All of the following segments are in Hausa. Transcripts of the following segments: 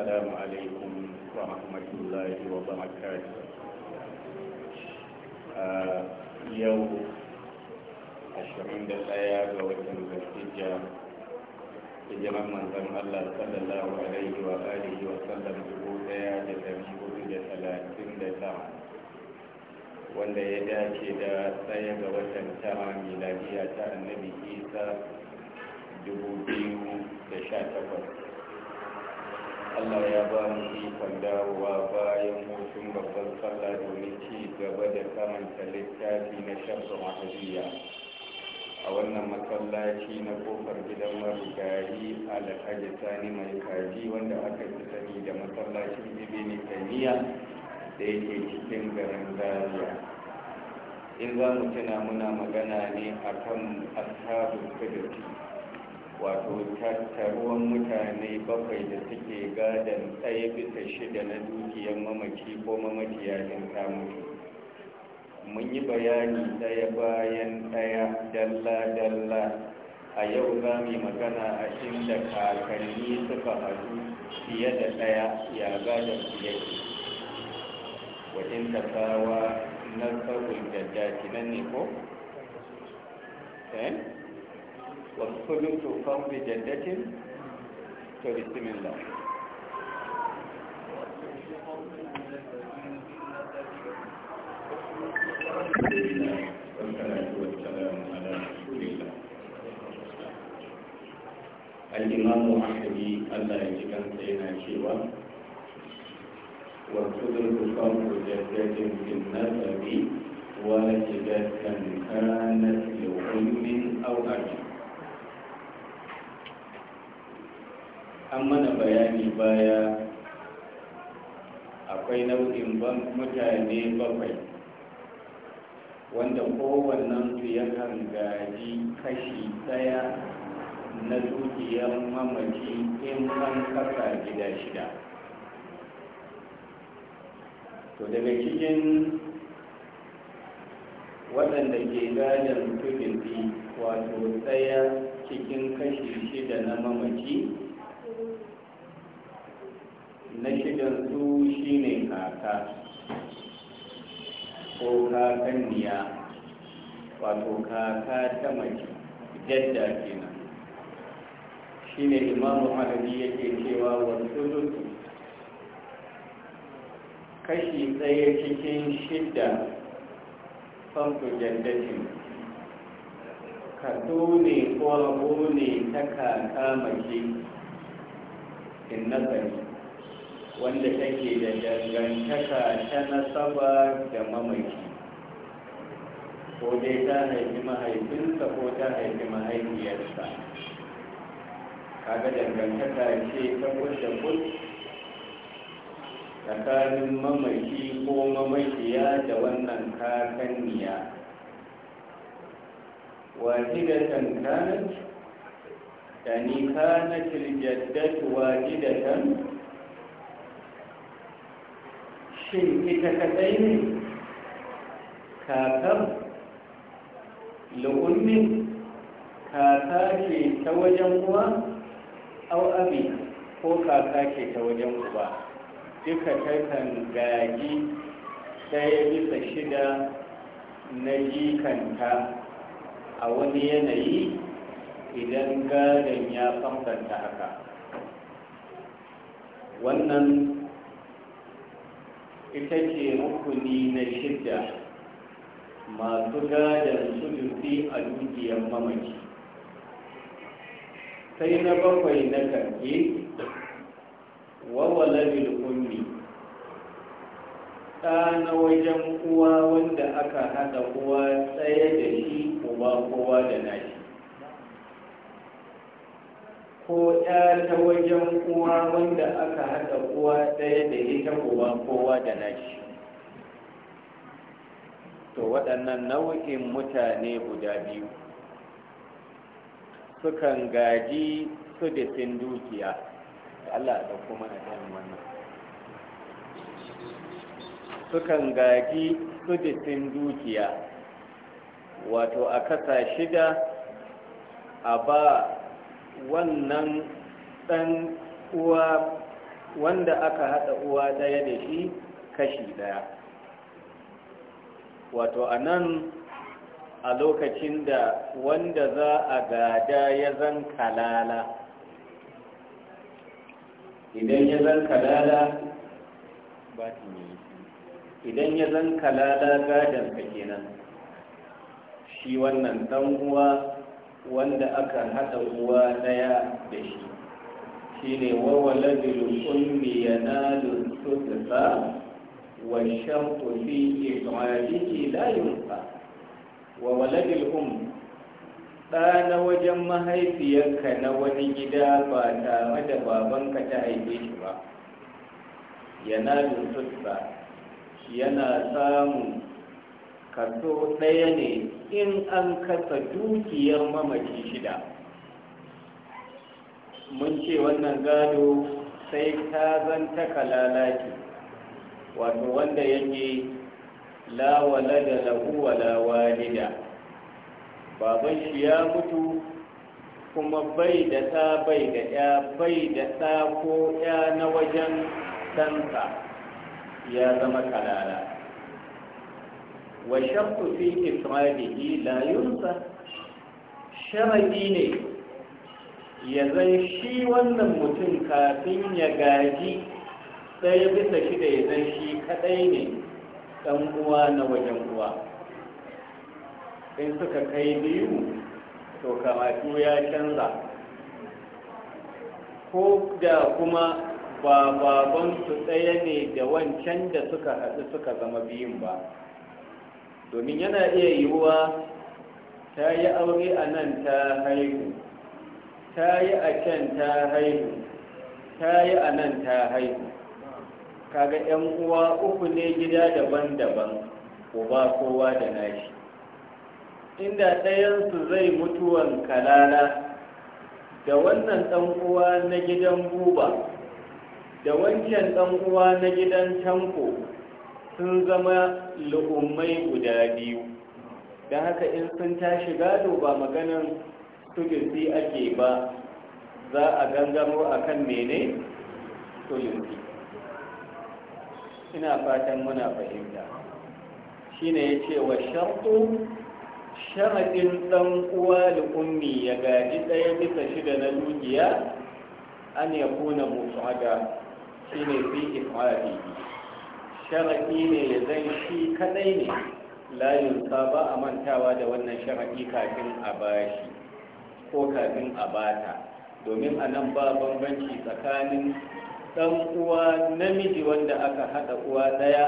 السلام عليكم ورحمة الله وبركاته يوم ashirin da ɗaya ga watan zulhijja hijiran manzon Allah sallallahu alaihi wa alihi wa sallam dubu ɗaya da dari da talatin da tara wanda ya dace da ɗaya ga watan tara miladiya ta annabi isa dubu biyu da sha takwas Allah ya ba mu ikon dawowa bayan hutun babban sallah domin ci gaba da kamanta littafi na shafa mahajiya a wannan masallaci na kofar gidan marigari alhaji sani mai kaji wanda aka fi sani da masallacin ibini taimiyya da yake cikin garin zaria in za mu tuna muna magana ne akan ashabul kudurti wato tattaruwan mutane bakwai da suke gadon tsaye bisa shida na dukiyar mamaci ko mamaci yajin mutu mun yi bayani ɗaya bayan ɗaya dalla-dalla a yau za mu magana a inda kakanni suka haɗu fiye da ɗaya ya gadon yake wajen tattawa na tsawon jajjaci nan ne ko? Eh? والثلث فرض جدة فبسم الله الإمام أحمدي الله يجبن سينا شيوا والصدر فرض جدة في النسب وجدة كانت لأم أو أجل an mana bayani baya akwai nau'in mutane bakwai wanda kowannen su yakan gaji kashi daya na dukiyar mamaci in an kasa gida shida to daga cikin waɗanda ke gadon kudin wato daya cikin kashi shida na mamaci yanzu shi ne kaka ko kakanniya wato kaka ta mace jadda kenan shi ne imamu halabi yake cewa wasu lutu kashi tsaye cikin shidda famfu jaddacin kaso ne ko ne ta kaka mace in nazari wanda take da dangantaka ta nasaba da mamaki ko dai ta haifi mahaifinsa ko ta haifi mahaifiyarsa kaga dangantaka ce ta kusa tsakanin mamaki ko mamakiya da wannan kakanniya wajidatan kanat yani kanat aljaddatu wajidatan shin ita kadai ne kakar lu'ummi kaka ke ta wajen uwa au abi ko kaka ke ta wajen kuwa? duka takan gaji ɗaya bisa shida na jikanta a wani yanayi idan gadon ya bambanta haka wannan ita ce rukuni na shidda masu gadon sudusi a dukiyar mamaki. sai na bakwai na karke wawala bilkunni Ta na wajen uwa wanda aka haɗa kuwa, tsaye da shi kuwa kowa da nashi ko ya ta wajen uwa wanda aka haɗa uwa ɗaya da ita kowa, kowa da nashi to waɗannan nau'in mutane guda biyu sukan gaji su da dukiya Allah da kuma a ɗan wannan sukan gaji su da dukiya wato a kasa shida a ba wannan ɗan uwa wanda aka haɗa uwa ɗaya da shi kashi ɗaya wato a nan a lokacin da wanda za a gada ya zan kalala idan ya zan kalala ba idan ya zan kalala gadon ka kenan shi wannan ɗan uwa wanda aka haɗa uwa daya da shi shine wawaladul ummi yanalu sudfa wa shamtu fi ifadihi la yunfa wawaladul um da na wajen mahaifiyarka na wani gida ba tare da babanka ta haife shi ba yanalu sudfa yana samun kaso ɗaya ne in an kasa dukiyar mamaki shida mun ce wannan gado sai ta zanta kalalaki wato wanda yake lawala da lahuwala walida baban shi ya mutu kuma bai da ta bai da ya bai da ta ko ya na wajen tanka ya zama kalala wa shartu fi ifradihi la yunsa sharadi ne ya zai shi wannan mutum kafin ya gaji sai bisa shida ya zai shi kaɗai ne ɗan uwa na wajen uwa in suka kai biyu to karatu ya canza ko da kuma ba babansu ɗaya ne da wancan da suka haɗu suka zama biyun ba domin yana iya yiwuwa ta yi aure a nan ta haihu ta yi a can ta haihu ta yi a nan ta haihu kaga yan uwa uku ne gida daban-daban uba kowa da nashi inda ɗayansu zai mutuwan kalala da wannan ɗan uwa na gidan buba da wancan ɗan uwa na gidan tanko sun zama lu'ummai guda biyu don haka in sun tashi gado ba maganin sujinsi ake ba za a gangamo a kan mene sujinsi ina fatan muna fahimta shi ne ya ce wa shartu sharaɗin ɗan uwa da ummi ya gaji ɗaya bisa shida na dukiya an ya kuna musu haga shi ne fi ifarihi sharaɗi ne ya zan shi kadai ne layinsa ba a mantawa da wannan sharaɗi kafin a bashi ko kafin a bata domin a nan ba bambanci tsakanin ɗan uwa namiji wanda aka haɗa uwa ɗaya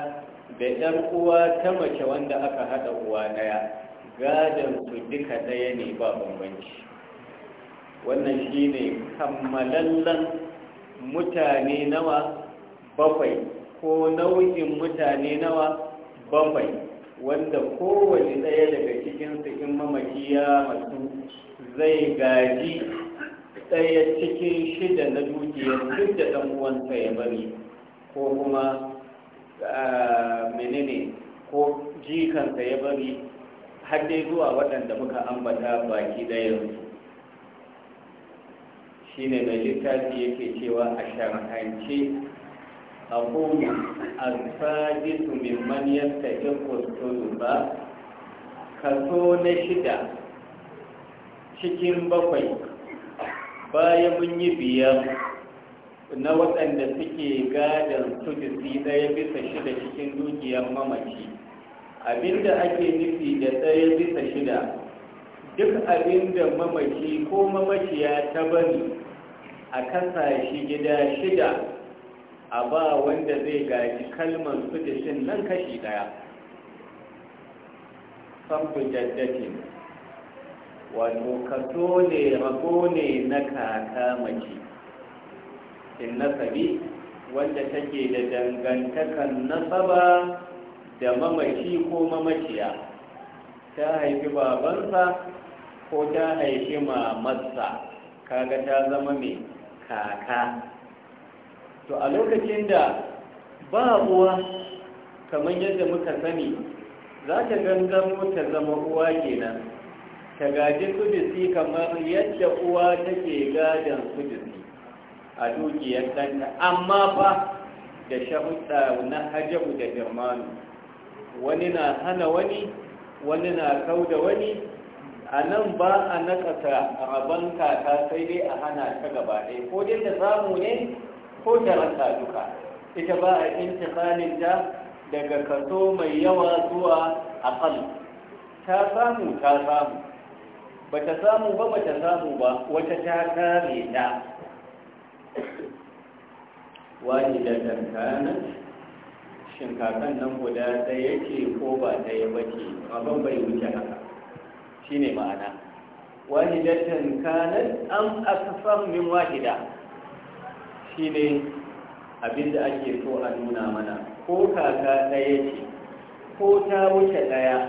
da ɗan uwa ta mace wanda aka haɗa uwa ɗaya gadon su duka ɗaya ne ba bambanci wannan shine kammalallen mutane nawa bakwai ko nau'in mutane nawa bambai wanda kowane ɗaya daga cikin in mamaki ya masu zai gaji ɗaya cikin shida na dukiyar duk da ɗan uwansa ya bari ko kuma ah, menene ko jikansa ya bari har dai zuwa waɗanda muka ambata baki ɗayansu shi ne mai littafi yake cewa a sharhance أقول السادس ممن يستحق التوبة kaso na shida cikin bakwai bayan mun yi biyar na waɗanda suke gadon sudisi ɗaya bisa shida cikin dukiyar mamaci abinda ake nufi da ɗaya bisa shida duk abinda mamaci ko mamaciya ta bari a kasashe gida shida a ba wanda zai gaji kalmar su da shi nan kashi daya Sabu jaddatin wato kaso ne rago ne na kaka mace in nasabi wanda take da dangantakan nasaba da mamaci ko mamaciya ta haifi babansa ko ta haifi mamarsa kaga ta zama mai kaka to a lokacin da ba uwa kamar yadda muka sani za ta gangamo ta zama uwa kenan ta gaji kudisi kamar yadda uwa take gadon kudisi a dukiyar ɗanta amma ba da shahuta na hajjabu da jirmanu wani na hana wani wani na kau da wani a nan ba a nakasa rabon kaka sai dai a hana ta gaba ɗaya ko dai da samu ne ko da raka duka ita ba a intikalin da daga kaso mai yawa zuwa kan. ta samu ta samu ba ta samu ba ba ta samu ba wata ta kare ta wani da tankanin shinkakan nan guda da yake ko ba ta yi bace abin bai wuce haka shi ne ma'ana wani da tankanin an akasar min wahida ne abin da ake so a nuna mana ko kaka ɗaya ce ko ta wuce ɗaya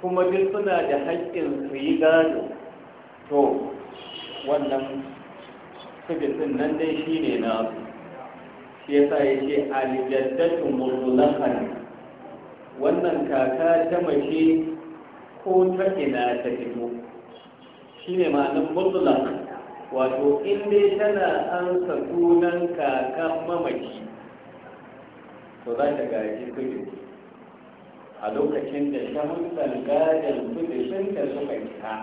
kuma duk suna da haƙƙin su yi gado to wannan subisin nan dai shi ne na shi yasa ya ce alijaddatun murmulakan wannan kaka ta mace ko ta ina ta fito shi ne ma'anin murmulakan wato in dai tana ansa sunan kakan mamaki to za ta gaji kudin a lokacin da shahusan gadon kudin da suka kita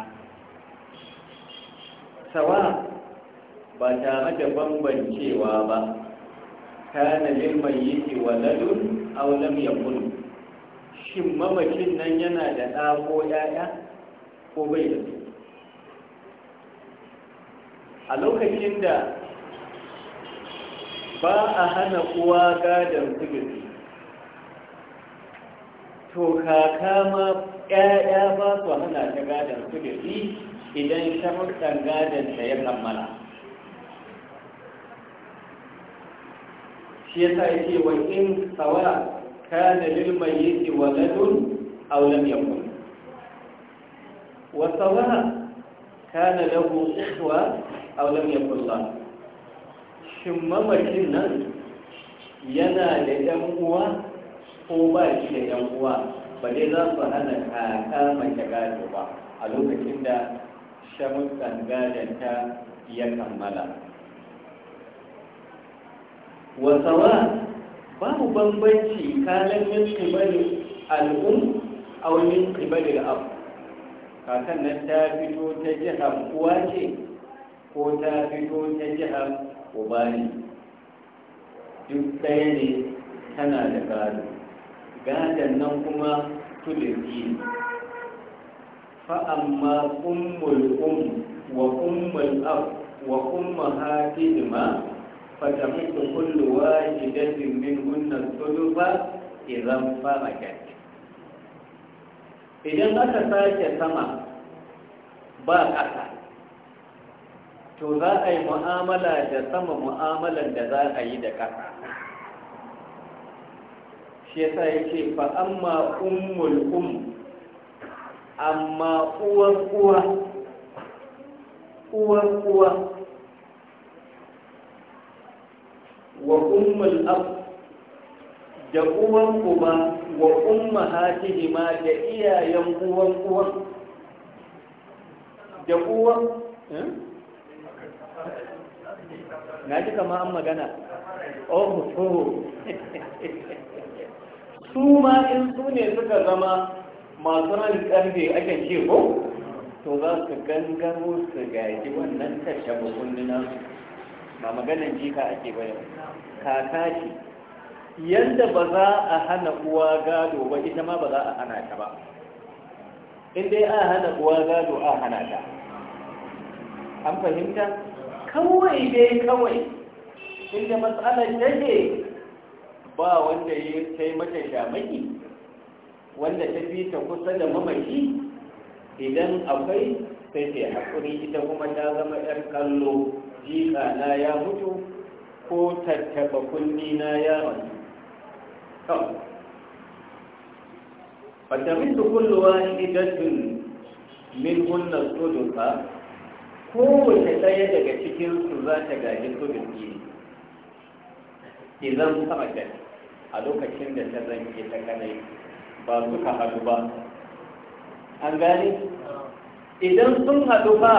sawa ba tare da bambancewa ba ta kana yi mayyiti waladun aw ya yakun shin mamacin nan yana da ɗa ko ko bai da su a lokacin da ba a hana kuwa gadon sigiri to kaka ma 'ya'ya ba su hana ta gadon sigiri idan sharuɗan gadon ta ya kammala shi yasa yake wa in sawa kana lil mayyit waladun aw lam yakun wa kana lagu ikhwa aulam ya kulla shin mamakin nan yana da yan uwa ko ba shi da yan uwa ba dai za su hana kaka mace gado ba a lokacin da shamukan ta ya kammala wasawa babu bambanci kalan yin kibarin al'um a wani tsibirin abu kakan nan ta fito ta jihar kuwa ce ko ta fito ta jihar ubani duk ɗaya ne tana da gado gadon nan kuma tulisi fa'amma ummul um wa ummul ab wa umma hatihima mutu kullu wahidatin min hunna sulufa idan farakat idan aka sake sama ba ƙasa to za a yi mu'amala da sama mu'amalan da za a yi da ƙasa shi yasa ya ce fa amma ummul um amma uwar uwa uwar uwa wa ummul ab da uwan uba wa ummahatihima da iyayen uwan uwan da uwan eh na ji kama an magana oh so su ma in su ne suka zama masu ran karfe ake ce ko to za su gangaro su gaji wannan tashe su. ba maganin jika ake bayan kaka ce yadda ba za a hana uwa gado ba ita ma ba za a hana ta ba inda ya a hana uwa gado a hana ta an fahimta kawai dai kawai inda matsalar take ba wanda ya kai mata shamaki wanda ta fi ta kusa da mamaki idan akwai sai ta haƙuri ita kuma ta zama 'yar kallo jika na ya mutu ko tattaba kundi na ya wani kawai fatamin su kulluwa idatun min hunnar ba. kowace ɗaya daga cikin su za ta gaji su da biyu idan sama da a lokacin da ta zanke ta kanai ba suka haɗu ba an gane idan sun haɗu ba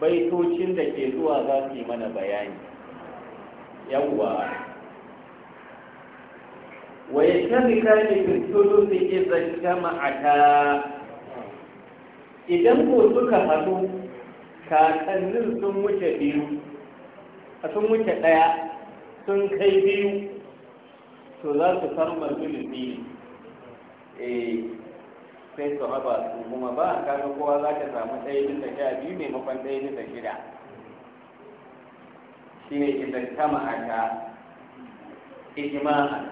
baitocin da ke zuwa za su yi mana bayani yawwa wa ya shafi kare kirkiro su izan jama'ata idan ko suka haɗu kakannin sun wuce biyu a sun wuce ɗaya sun kai biyu to za su farma zulubi eh sai su raba su kuma ba a kaga kowa za ka samu ɗaya da sha biyu maimakon ɗaya da shida shi ne idan ta aka ijma'a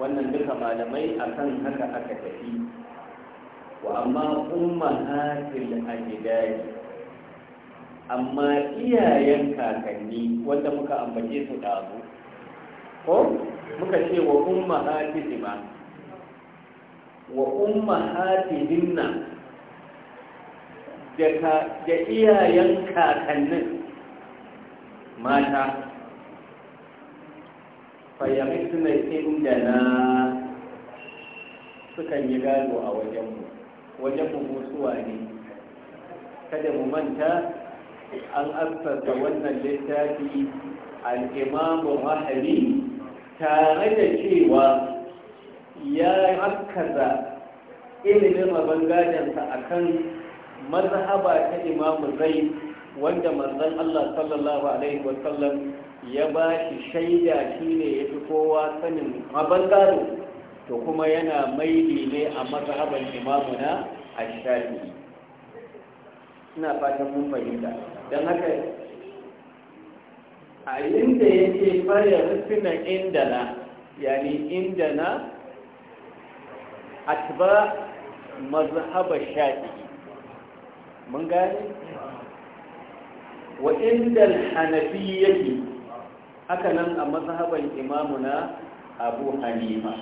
wannan duka malamai akan haka aka tafi wa amma ummahatil ajdadi amma iyayen kakanni wanda muka ambace su abu ko muka ce wa umma hatihima wa umma hatihinna da iyayen kakannin mata fayyami suna inda na sukan yi gado a wajenmu wajenmu musuwa ne kada mu manta an asasa wannan littafi al'imamu rahari tare da cewa ya hakaza ilimin mabangajensa a kan mazhaba ta imamu zai wanda manzon Allah sallallahu alaihi wasallam ya ba shi shaida shi ne ya fi kowa sanin mabangaro to kuma yana maili ne a mazhaban imamuna a shafi ina fatan mun fahimta don haka a inda ya ce fara rufina na yani indana atba mazhaba shafi mun gani wa inda hanafi yake haka nan a mazhaban imamuna abu hanima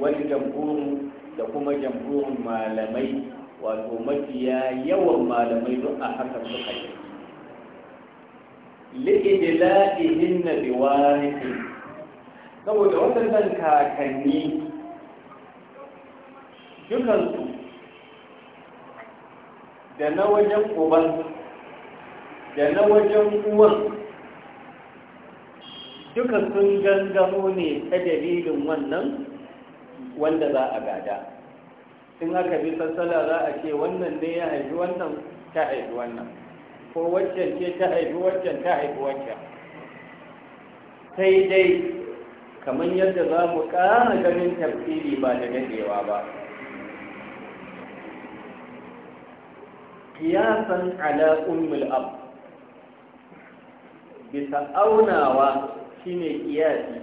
wani jamhurin da kuma jamhurin malamai wato mafiya yawan malamai duk a hakan suka yi li'idla'ihin na biwarisi saboda waɗannan kakanni dukansu da na wajen uban da na wajen uwan duka sun gangamo ne ta dalilin wannan wanda za a gada in aka bi sassala za a ce wannan ne ya haifi wannan ta haifi wannan ko waccan ce ta haifi waccan ta haifi waccan sai dai kamar yadda za mu ƙara ganin tafsiri ba da daɗewa ba kiyasan ala ummul ab bisa aunawa shine kiyasi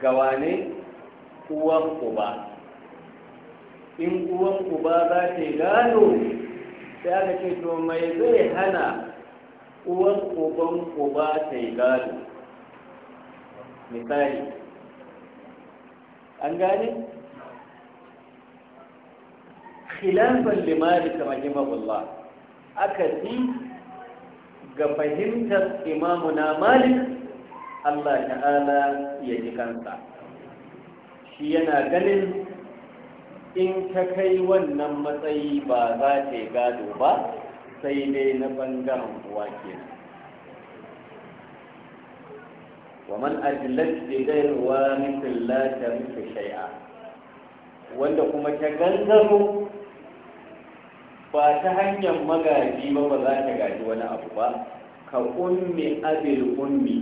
ga wane uwan uba in uwan uba za ta gano sai aka ce to mai zai hana uwan uban uba ta gano misali an gane khilafan limari kamar himabullah aka fi ga fahimtar Imamu na malik allah ta'ala ya ji kansa shi yana ganin in ka kai wannan matsayi ba za ta gado ba sai dai na bangaren uwa kenan ومن أجلت بغير وامث لا تملك shai'a. wanda kuma ta gangaro ba ta hanyar magaji ba ba za ta gaji wani abu ba ka ummi abil ummi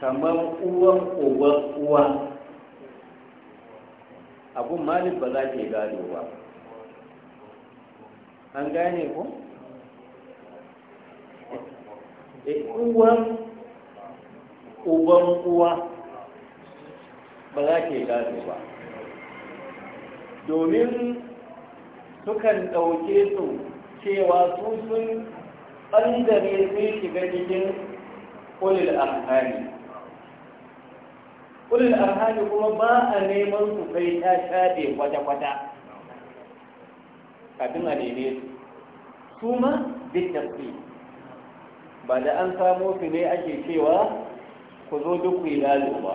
kamar uwan uwar uwa abun malik ba za ke gado ba an gane ku? Eh, uwan uban uwa ba za ke gado ba domin sukan ɗauke su cewa su sun ɓangare sun shiga cikin ƙulil ahari ulul arhami kuma ba a neman su sai ta shaɗe kwata-kwata kafin a neme su su ma duk su ba da an samo su ne ake cewa ku zo duk ku yi lalo ba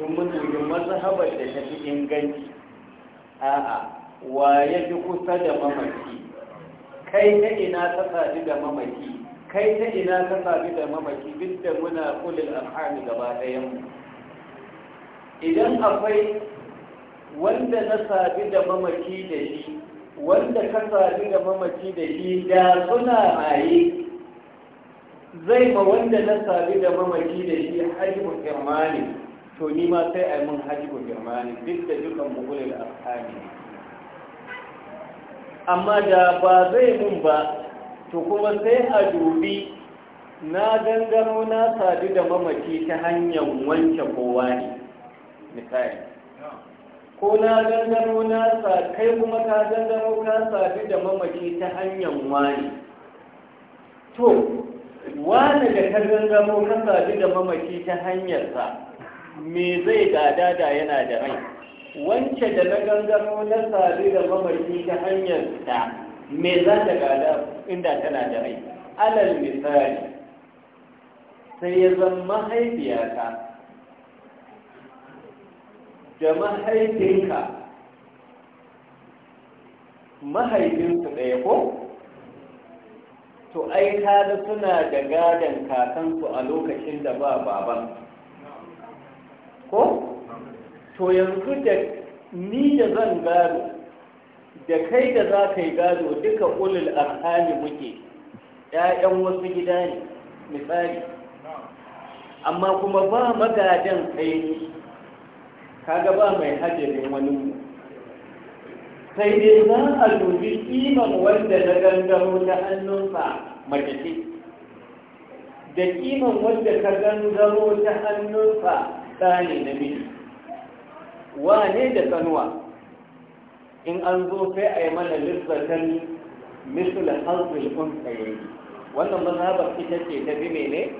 sun mun dubin mazhabar da ta fi inganci a'a wa ya fi kusa da mamaki kai ta ina ta sadu da mamaki kai ta ina ta sadu da mamaki duk da muna kulil arhami gaba ɗayan mu idan akwai wanda na sabi da mamaki da shi wanda ka sabi da mamaki da shi da suna maye zai ma wanda na sabi da mamaki da shi hajjibu germani to ni ma sai a yi mun hajjibu germani duk da dukan da alhami amma da ba zai mun ba to kuma sai a dubi na gangano na sabi da mamaki ta hanyar wanke kowa ne misali ko na gangaro na sa kai kuma ka gangaro ka sabi da mamaki ta hanyar wani to wani da ka gangaro ka sabi da mamaki ta hanyarsa me zai gada da yana da rai wance da na gangaro na sabi da mamaki ta hanyarsa me za ta gada inda tana da rai alal misali sai ya zama mahaifiyata da mahaifinka mahaifinsu ɗaya ko to ai kaga suna da gadon kakansu a lokacin da ba baban ko to yanzu da ni da zan gado da kai da za ka yi gado duka ulul arhami muke ‘ya'yan wasu gida ne misali amma kuma ba magadan kai kaga ba mai hajjabin wani mu sai dai za a dubi kiman wanda na gangaro ta hannunsa mace da kiman wanda ka gangaro ta hannunsa tsani na miji wane da sanuwa in an zo sai a yi mana lissatan misul ya yi? wannan mazhabar ita ce ta bi mene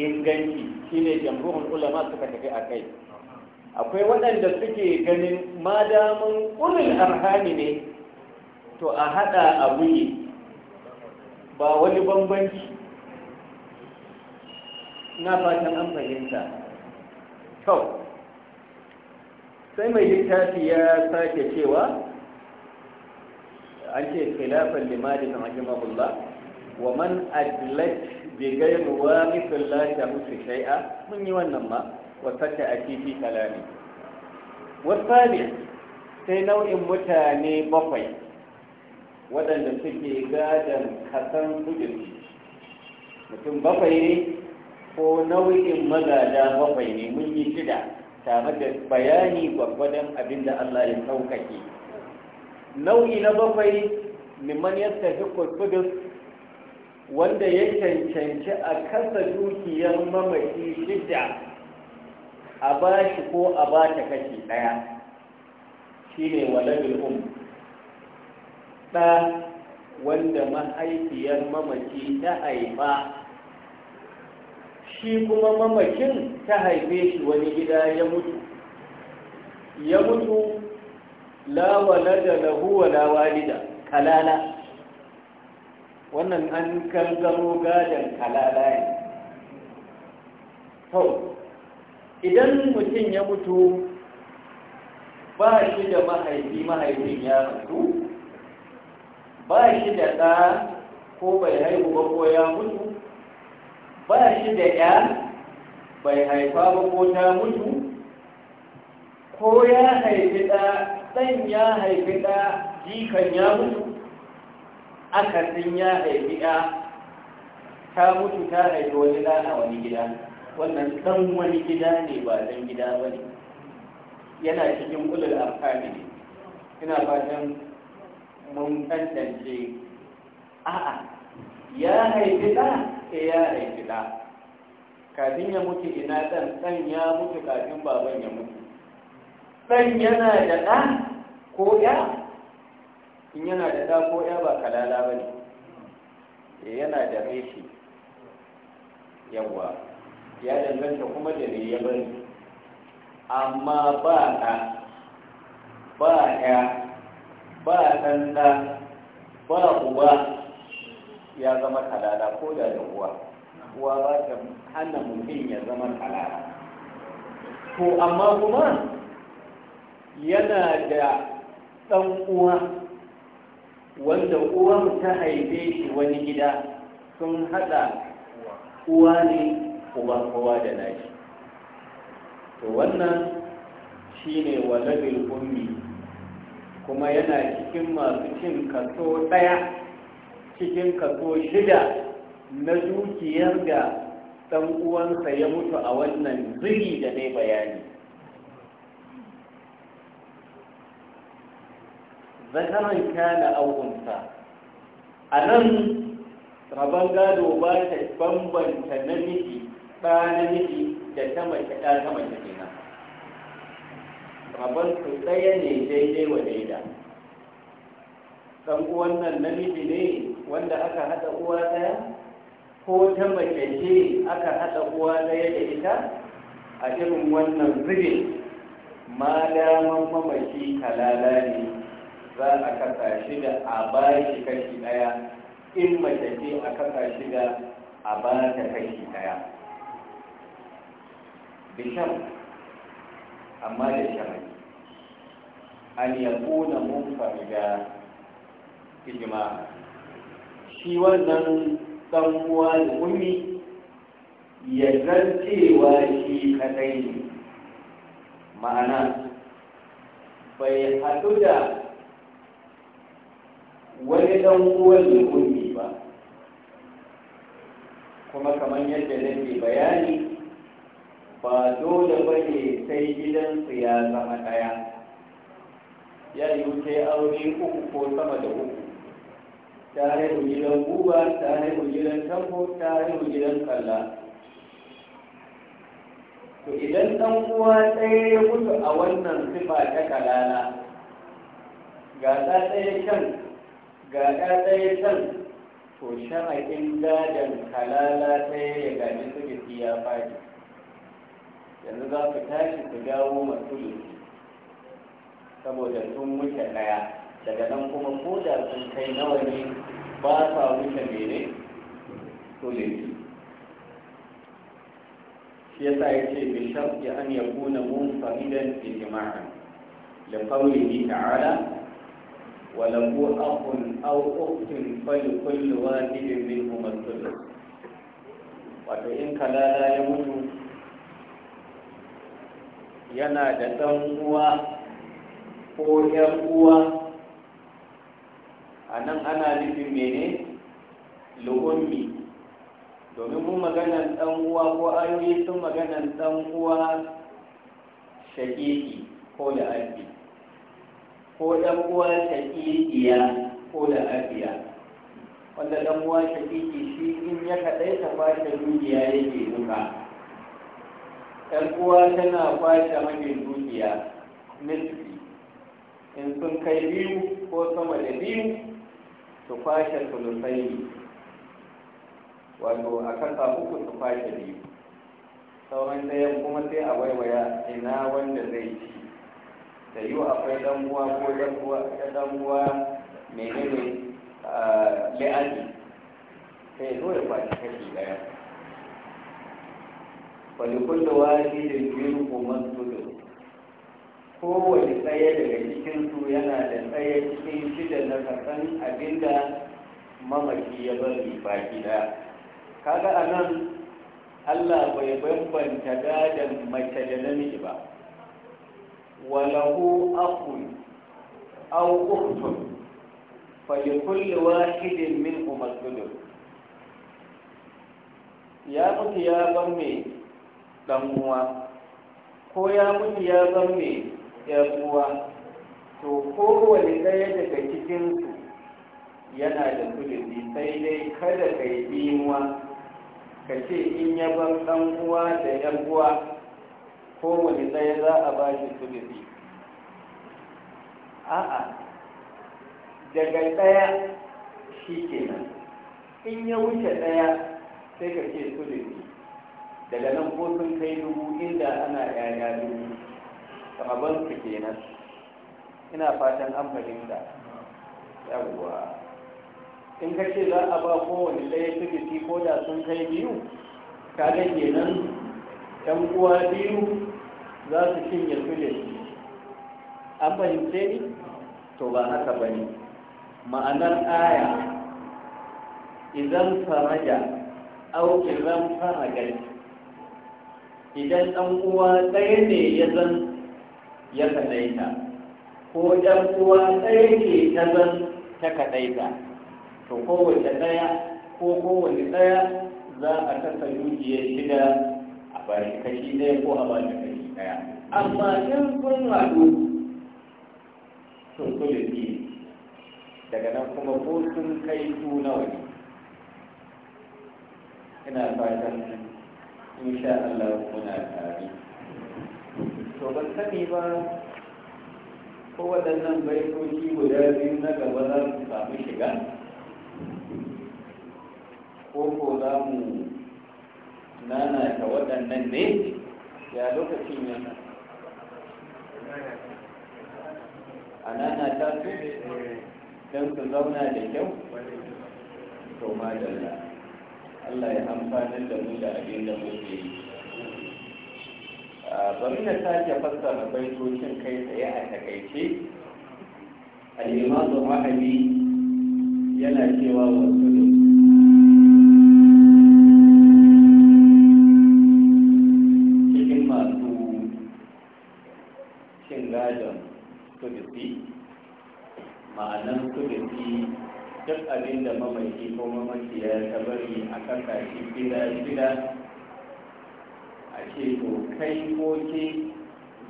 inganci shine jamhurin ulama suka tafi a kai akwai waɗanda suke ganin madaman ƙunin arhani ne to a haɗa a wuyi ba wani bambanci na fatan an fahimta kyau sai mai littafi ya sake cewa an ce khilafan limalin rahimahullah wa man adlat bi ghayri wa mithl la tamsu shai'a mun yi wannan ma wasata a kifi kalami wasali sai nau'in mutane bakwai waɗanda suke gadon kasan kudurci mutum bakwai ne ko nau'in magada bakwai ne mun yi shida tare da bayani gwagwadon abin da Allah ya saukake nau'i na bakwai neman yadda hikul kudus wanda ya cancanci a kasa dukiyar mamaki shida a ba shi ko a ba ta kashi ɗaya shi ne walabin um ɗa wanda mahaifiyar mamaci ta haifa shi kuma mamakin ta haife shi wani gida ya mutu ya mutu la walada lahu wala walida kalala wannan an kankaro gadon kalala ne idan mutum ya mutu ba shi da mahaifi mahaifin ya mutu ba shi da ɗa ko bai haihu ba ko ya mutu ba shi da ya bai haifa ba ko ta mutu ko ya haifi ɗa ɗan ya haifi ɗa jikan ya mutu akasin ya haifi ɗa ta mutu ta haifi wani ɗa a wani gida wannan dan wani gida ne ba dan gida ba ne yana cikin ulul arhami ne ina fatan mun tantance a'a ya haifi da sai eh, ya haifi da kafin ya mutu ina dan dan ya mutu kafin baban ya mutu dan yana da ɗa ko ya in yana da ɗa ko ya ba kalala ba ne eh, yana da reshi yawwa ya danganta kuma da ne ya bari amma ba ɗa ba ya ba ɗan ba uba ya zama kalala ko da da uwa uwa ba ta hana mutum ya zama kalala to amma kuma yana da ɗan uwa wanda uwan ta haife shi wani gida sun haɗa uwa ne kuma kowa da nashi to wannan shine walabil ummi kuma yana cikin masu cin kaso ɗaya cikin kaso shida na dukiyar da ɗan uwansa ya mutu a wannan zuri da ne bayani zakaran kana aukunsa a nan rabon gado ba ta bambanta namiji ɗa namiji da ta mace ɗa ta mace kenan rabon su ɗaya ne daidai wa daida ɗan uwannan namiji ne wanda aka haɗa uwa ɗaya ko ta mace ce aka haɗa uwa ɗaya da ita a irin wannan zubin ma daman mamaci kalala ne za a kasa shi da a shi kashi ɗaya in mace ce a kasa shi da a ba ta kashi ɗaya bishar amma da shamai an yakuna munfarida ijma shi wannan dan uwa da ummi ya zancewa shi kadai ne ma'ana bai haɗu da wani ɗan uwan da ummi ba kuma kamar yadda nake bayani kai su ya zama ɗaya ya yi wuce aure uku ko sama da uku ta da gidan guba ta da gidan tambo ta da gidan kalla to idan ɗan uwa ɗaya ya mutu a wannan sifa ta kalala ga ɗa ɗaya can ga ɗa ɗaya can to sha'akin gadon kalala tsaye ya gaji su ya fadi. yanzu za ku tashi ku dawo matulu saboda sun wuce ɗaya daga nan kuma ko da sun kai nawa ne ba sa wuce mene tuluki shi yasa ya ce bi sharti an ya kuna mun fa'idan ijma'an da qawlihi ta'ala وله أخ أو أخت فلكل واحد منهما الثلث wato in kalala ya mutu yana da ɗan uwa ko ‘yan uwa a nan ana nufin mene lu'ummi domin mun maganan ɗan uwa ko ayoyi sun maganan ɗan uwa shaƙiƙi ko da abi ko ɗan uwa shaƙiƙiya ko da abiya wanda ɗan uwa shaƙiƙi shi in ya kaɗai ta fashe dukiya yake duka uwa tana kwashe mabin dukiya nisfi in sun kai biyu ko sama da biyu su kwashe sulusai wato a kasa uku su kwashe biyu sauran ɗayan kuma sai a waiwaya ina wanda zai ci da yiwu akwai ɗan'uwa ko ɗan'uwa menene la'adi ah, sai zo ya kwashe kashi ɗaya da walikullu wahidin minhum masjidun kowane tsaye daga cikin yana da tsaye cikin shida na kasan abinda mamaki ya bari ba gida kaga nan, Allah bai bambanta gadon mace da namiji ba walahu akhun aw ukhtun falikulli wahidin minhum masjidun ya mutu ya ban mai ɗan uwa ko ya mutu ya zama mai ‘yan uwa to kowane ɗaya daga cikinsu yana da sulubi sai dai kada ka yi bimuwa ka ce in ya bar ɗan uwa da ‘yan uwa kowane ɗaya za a ba shi sulubi a'a daga ɗaya shi kenan in ya wuce ɗaya sai ka ce sulubi daga nan ko sun kai dubu inda ana yaya dubu ban su kenan ina fatan an fahimta yawwa in ka ce za a ba kowane ɗaya tikiti ko da sun kai biyu ka ga kenan yan uwa biyu za su cinye su an fahimce ni to ba haka ba ne ma'anar aya idan faraja au fara gari. idan ɗan uwa ɗaya ne ya zan ya kaɗaita ko ɗan uwa ɗaya ne ta zan ta kaɗaita to kowace ɗaya ko kowace ɗaya za a kasa dukiyar shida a bashi kashi ɗaya ko a bashi kashi ɗaya amma in sun haɗu sun ne daga nan kuma ko sun kai su nawa ne ina fatan sha Allah muna tare to ban sani ba ko waɗannan baitoci guda biyu na gaba za su samu shiga ko ko za mu ta waɗannan ne ya lokacin yana a ta su eh. don su zauna da kyau to madalla Allah ya amfanar da mu da abin da muke yi bari na sake fassara baitocin kai tsaye a takaice al'imamu ma'abi yana cewa wasu ne cikin masu cin gadon kudufi, ma'anan kudufi duk abin da mamaki ko mamaki ya ta bari a kasa shi gida gida a ce to kai ko ke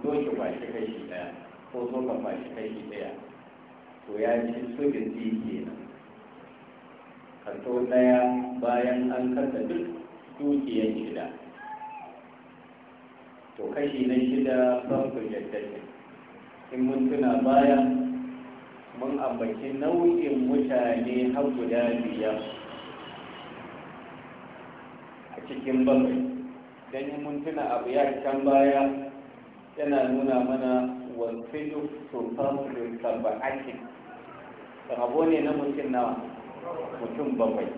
zo ki kai kashi ɗaya ko zo ka kai kashi ɗaya to ya ci su da nan? kaso ɗaya bayan an kasa duk dukiyar shida to kashi na shida farko jaddatin in mun tuna baya mun ambaci nau'in mutane har guda biyar a cikin bakwai don yi mun tuna abu ya can baya yana nuna mana wasu tufafin ake rabo ne na mutum na mutum bakwai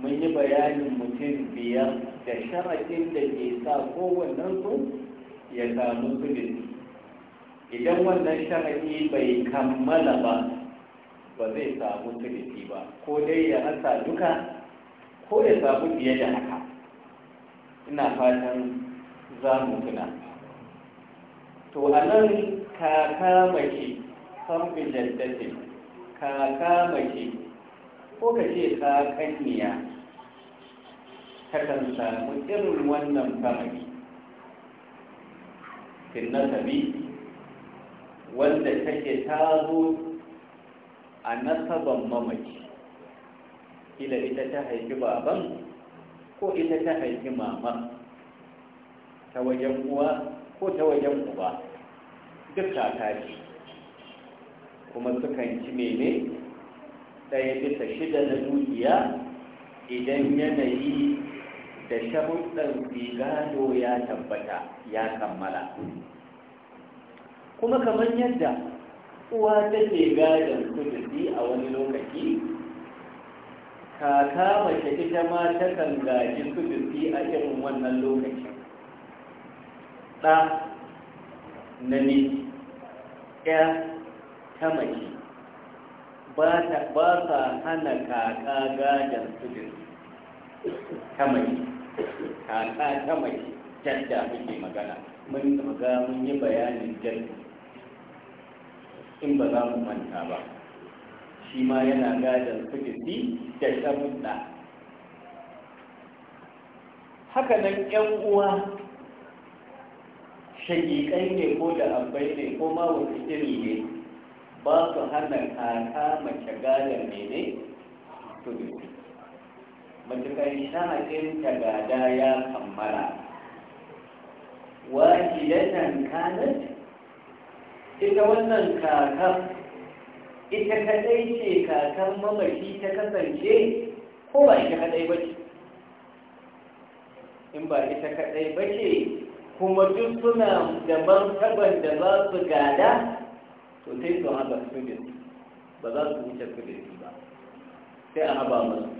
mun yi bayanin mutum biyar da sharaɗin da ke sa kowannen su ya samu su idan wannan sharadi bai kammala ba ba zai samu sulusi ba ko dai ya rasa duka ko ya samu fiye da haka ina fatan za mu tuna to a nan kaka mace samfin jaddatin kaka mace ko ka ce Ta takan samu irin wannan famari fin sabi wanda take ta zo a nasaban mamaci kila ita ta haifi baban ko ita ta haifi mama, ta wajen uwa ko ta wajen uba duk ta ce kuma sukan ci mene ɗaya bisa shida na dukiya idan yanayi da sharuɗin rigado ya tabbata ya kammala kuma kamar yadda uwa take gadon kudi a wani lokaci kaka mace ita ma takan gaji kudi a irin wannan lokaci ɗa na ne ya ta mace ba sa hana kaka gadon kudi ta mace kaka ta mace jadda muke magana mun ga mun yi bayanin jadda in ba za mu manta ba shi ma yana gadon sujudi da shabuɗa haka nan ‘yan uwa shagiƙai ne ko da abai ne ko ma wasu iri ne ba su hana kaka mace gadon mene sujudi matuƙar sha'adin ta gada ya kammala nan kanar ita wannan kakan ita kadai ce kakan mamashi ta kasance ko ba ita kadai ba ce in ba ita kadai ba ce kuma duk suna da martaban da za su gada to sai su haɓa su ba za su wuce su da ba sai a haɓa masu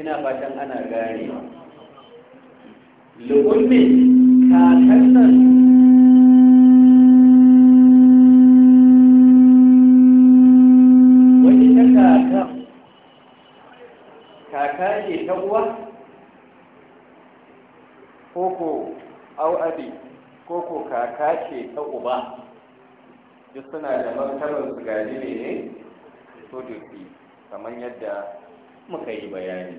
ina fatan ana ganewa lu'ummin kakannan. nan ko ko kaka ce ta uba duk suna da martabar su gaji ne ne so dubi kamar yadda muka yi bayani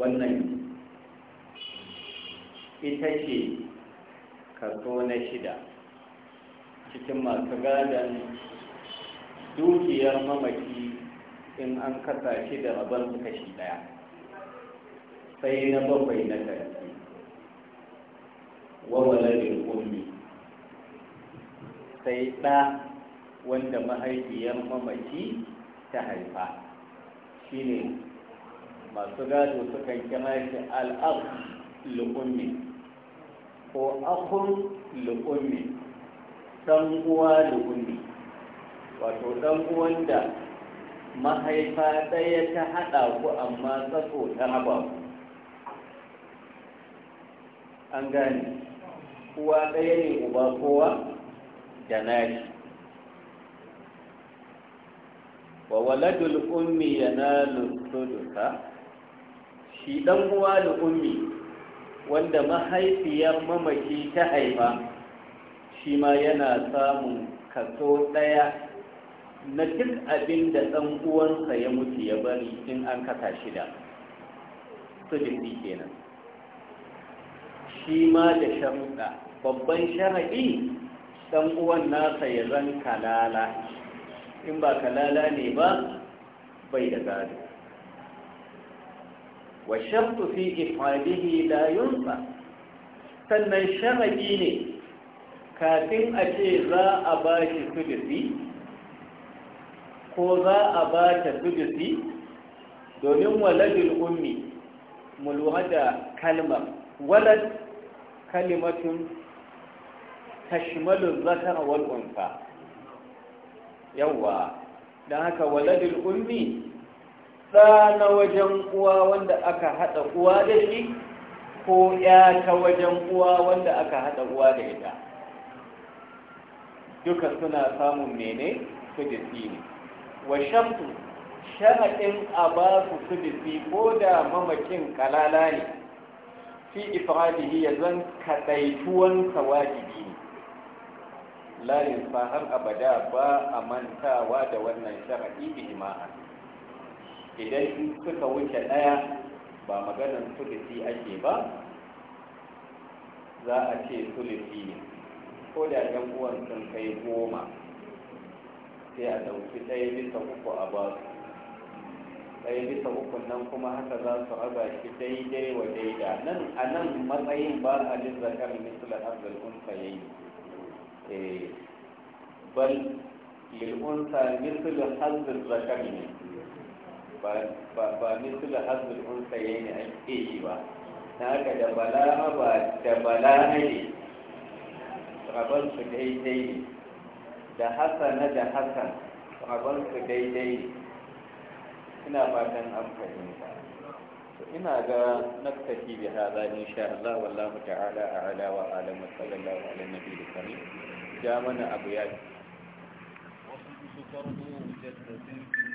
wannan ita ce kaso na shida cikin masu gadon dukiyar mamaki in an kasa shi da kashi daya sai na bakwai na tare wa ummi sai ɗa wanda mahaifiyar mamaci ta haifa shi ne masu gado suka kira shi al'ar lu'ummi ko akun lu'ummi ɗan uwa wato ɗan uwan da mahaifa ɗaya ta haɗa ku amma tsako ta haɓa ku an gane kowa ɗaya ne uba kowa da nari wa waladul ummi yanalu sudusa shi ɗan uwa da ummi wanda mahaifiyar mamaki ta haifa shi ma yana samun kaso ɗaya na duk abin da ɗan uwansa ya mutu ya bari in an kasa shida sudusi kenan shi ma da sharuɗa babban sharaɗi ɗan uwan nasa ya zan kalala in ba kalala ne ba bai da gado wa shartu fi ifadihi la yunsa sannan sharaɗi ne kafin a ce za a ba shi sudisi ko za a ba ta sudisi domin waladul ummi mulwada lura da kalmar walad kalimatun tashmalu zakara wal unfa yawa dan haka waladul ummi da na wajen uwa wanda aka hada uwa da shi ko ya ta wajen uwa wanda aka haɗa uwa da ita duka suna samun mene sudisi ne wa shamtu sharaɗin a ba su sudisi ko da mamakin kalala ne fi ifradihi ya zan kaɗaituwan wajibi ne la fa har abada ba a mantawa da wannan sharadi ijma'a idan suka wuce daya ba maganar sulusi ake ba za a ce sulusi ne ko da yan uwan sun kai goma sai a dauki ɗaya bisa uku a ba su ɗaya bisa uku nan kuma haka za su haza shi daidai wa daida nan a nan matsayin ba a lizakar misal arzikin unsa yayi Eh, bal lil'unsa mislu hazzul zakari ne ba mislu hazzul unsa yayi ne an ke ba na haka da bala ba da bala hasana da hasan rabon su daidai ina fatan an fahimta ina ga naktafi bi hada insha Allah wallahu ta'ala a'la wa alamu sallallahu alaihi wa sallam ja mana abu ya fi wasu